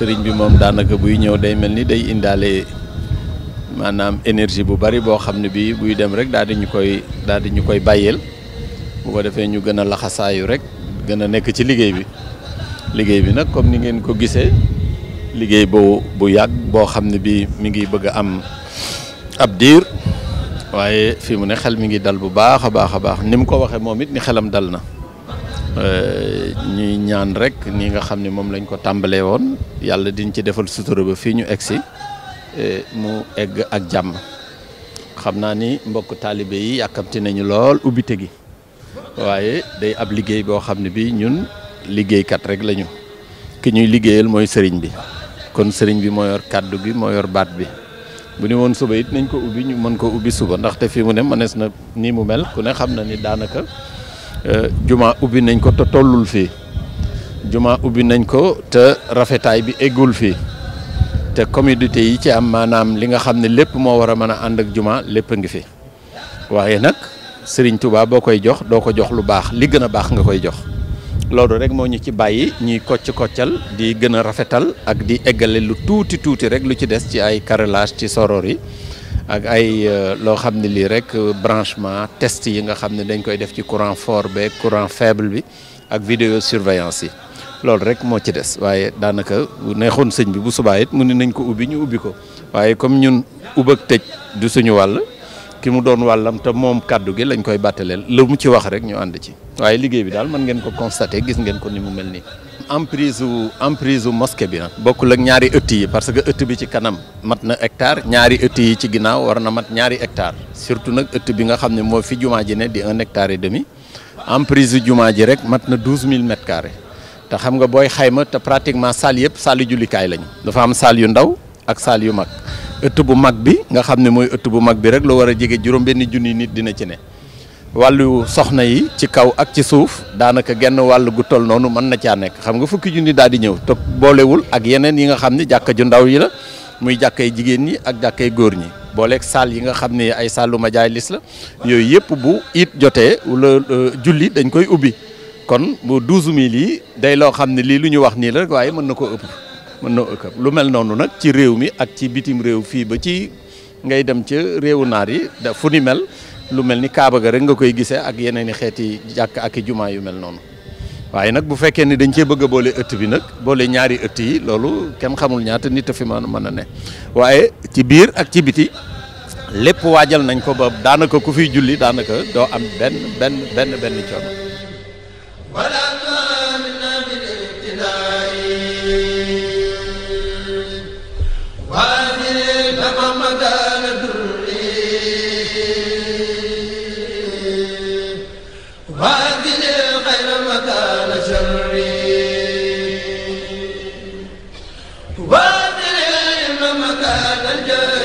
sëriñ bi moom daanaka buy ñëw day mel ni day indaale maanaam énergie bu bari boo xam ne bii buy dem rek daal di ñu koy daal di ñu koy bàyyeel bu ko defee ñu gën a laxasaayu rek gën a nekk ci liggéey bi liggéey bi nag comme ni ngeen ko gisee liggéey bu bu yàgg boo xam ne bii mi ngi bëgg a am ab diir waaye fi mu ne xel mi ngi dal bu baax a baax a baax ni mu ko waxee moom it ni xelam dal na. Euh, ñuy ñaan rek ni nga xam ne moom lañ ko tàmbalee woon yàlla diñ ci defal sutura ba fii ñu egg si e, mu egg ak jàmm xam naa ni mbokk taalibe yi yàkkamti nañu lool ubbite gi waaye day ab liggéey boo xam ne bi ñun liggéeykat rek lañu ki ñuy liggéeyal mooy sëriñ bi kon sëriñ bi moo yor kàddu gi moo yor baat bi bu ni woon suba it nañ ko ubbi ñu mën ko ubbi suba ndaxte fii mu ne mënees na nii mu mel ku ne xam na ni daanaka Euh, juma ubbi nañ ko te tollul fii juma ubbi nañ ko te rafetaay bi eggul fii te commodité yi ci am maanaam li nga xam ne lépp moo war a mën a ànd ak juma lépp a ngi fi waaye nag sëriñ Touba boo koy jox doo ko jox lu baax li gën a baax nga koy jox loolu rek moo ñu ci bàyyi ñuy kocc koccal di gën a rafetal ak di eggale lu tuuti tuuti rek lu ci des ci ay carrelage ci soror yi ak ay euh, loo xam ne lii rek euh, branchement test yi nga xam ne dañ koy def ci courant fort beeg courant faible bi ak vidéo surveillance yi loolu rek moo ci des waaye daanaka neexoon sëñ bi bu subaa it mu ne nañ ko ubbi ñu ubbi ko waaye comme ñun ubak ak tëj du suñu wàll ki mu doon wàllam te moom kàddu gi lañ koy bàttaleel lu mu ci wax rek ñu ànd ci waaye liggéey bi daal mën ngeen ko constater gis ngeen ko ni mu mel nii. en emprise wu emprise wu mosquée bi nag bokkul ak ñaari ëtt yi parce que ëtt bi ci kanam mat na hectare ñaari ëtt yi ci ginnaaw war na mat ñaari hectare surtout nag ëtt bi nga xam ne moo fi jumaa ji ne di un hectare et demi emprise wu jumaa ji rek mat na douze mille mètres te xam nga booy xayma te pratiquement saal yëpp saali jullikaay lañu dafa am saal yu ndaw ak saal yu mag ëtt bu mag bi nga xam ne mooy ëtt bu mag bi rek lu war a jege juróom benn junni nit dina ci ne wàllu soxna yi ci kaw ak ci suuf daanaka genn wàll gu toll noonu mën na caa nekk xam nga fukki junni daal di ñëw te boolewul ak yeneen yi nga xam ne jàkka ju ndaw yi la muy jàkkay jigéen ñi ak jàkkay góor ñi booleeg saal yi nga xam ne ay saalu majaalis la yooyu yëpp bu it jotee wala euh, julli dañ koy ubbi kon bu douze mille yi day loo xam ne lii lu ñu wax nii la rek waaye mën na ko ëpp mën na ëpp lu mel noonu nag ci réew mi ak ci bitim réew fii ba ci ngay dem ca réewu naar yi da fu mel lu mel ni kaaba ga rek nga koy gisee ak yeneen i xeeti jàkk ak i jumaa yu mel noonu waaye nag bu fekkee ni dañ cee bëgg a boole ëtt bi nag boole ñaari ëtt yi loolu kenn xamul ñaata nit a fi man mën a ne waaye ci biir ak ci biti lépp waajal nañ ko ba daanaka ku fiy julli daanaka doo am benn benn benn benn coono واذل المكان الجليل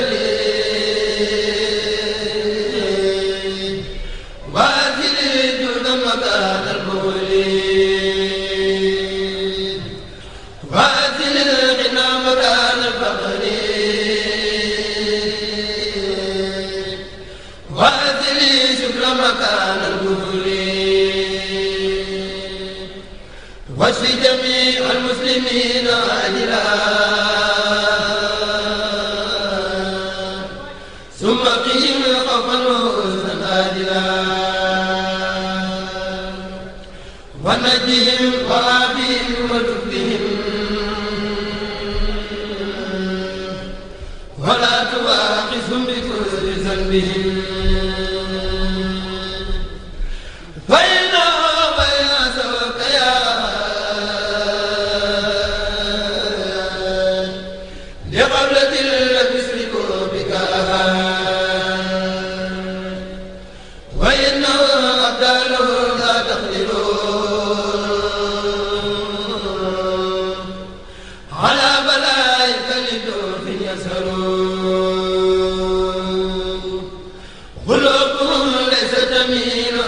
واشف جميع المسلمين أجلا ثم قهم خوفا وحزنا ونجهم وعافهم وجبهم ولا تواخذهم بكل ذنبهم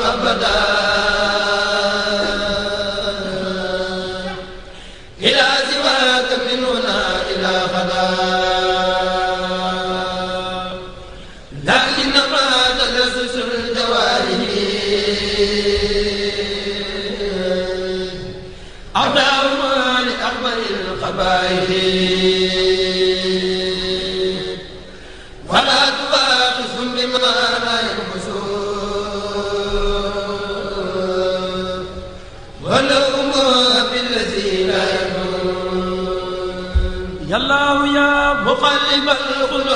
abada أداوما لأكبر القبائل ولا تباقصهم بما لا ينقصون ولهم بالذي لا ينقصون يا الله يا مقلب القلوب